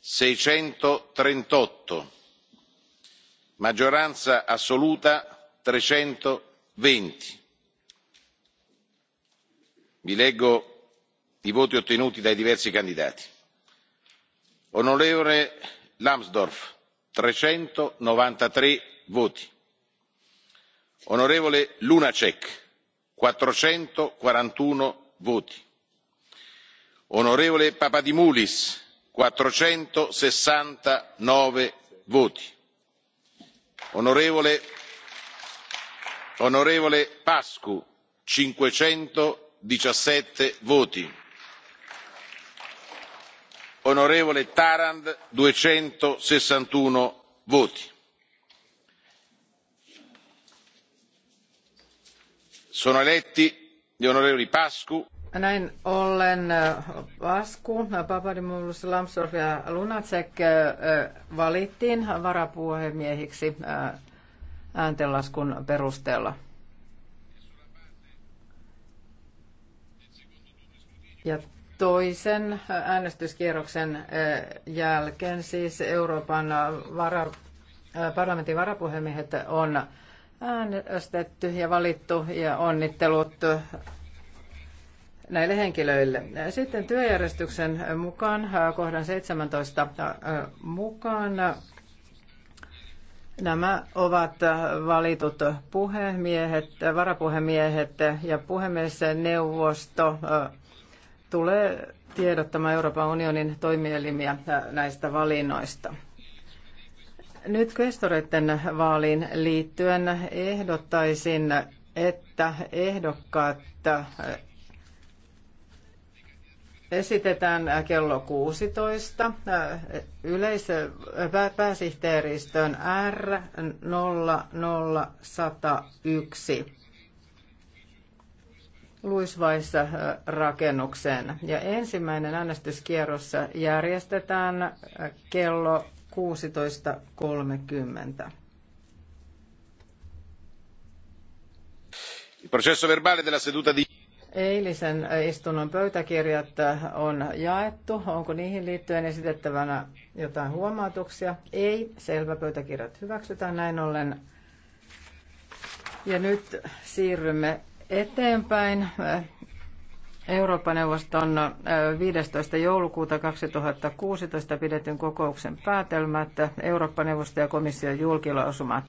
seicentotrentotto maggioranza assoluta trecentoventi vi leggo i voti ottenuti dai diversi candidati on. lambsdorff trecentonovantatre voti on. lunacek quattrocentoquarantuno voti on. papadimoulis quattrocentosessantanove voti. onorevole pacu cinquecentodiciassette voti. onorevole tarand duecentosessantuno voti. sono eletti gli onorevoli pacu näin ollen äh, Vasku, Papadimoulos, Lamsdorf ja Lunacek äh, valittiin varapuhemiehiksi äh, ääntenlaskun perusteella. Ja toisen äänestyskierroksen jälkeen siis Euroopan vara, parlamentin varapuhemiehet on äänestetty ja valittu ja onnittelut näille henkilöille. Sitten työjärjestyksen mukaan, kohdan 17 mukaan, nämä ovat valitut puhemiehet, varapuhemiehet ja puhemiesneuvosto tulee tiedottamaan Euroopan unionin toimielimiä näistä valinnoista. Nyt kestoreiden vaaliin liittyen ehdottaisin, että ehdokkaat esitetään kello 16 yleisö, pääsihteeristön R00101 Luisvaissa äh, rakennukseen. Ja ensimmäinen äänestyskierros järjestetään äh, kello 16.30. Il processo verbale della seduta di Eilisen istunnon pöytäkirjat äh, on jaettu. Onko niihin liittyen esitettävänä jotain huomautuksia? Ei. Selvä pöytäkirjat hyväksytään näin ollen. Ja nyt siirrymme eteenpäin. Äh, eurooppa neuvoston 15. Äh, joulukuuta 2016 pidetyn kokouksen päätelmät, Eurooppa-neuvosto ja komission julkilausumat.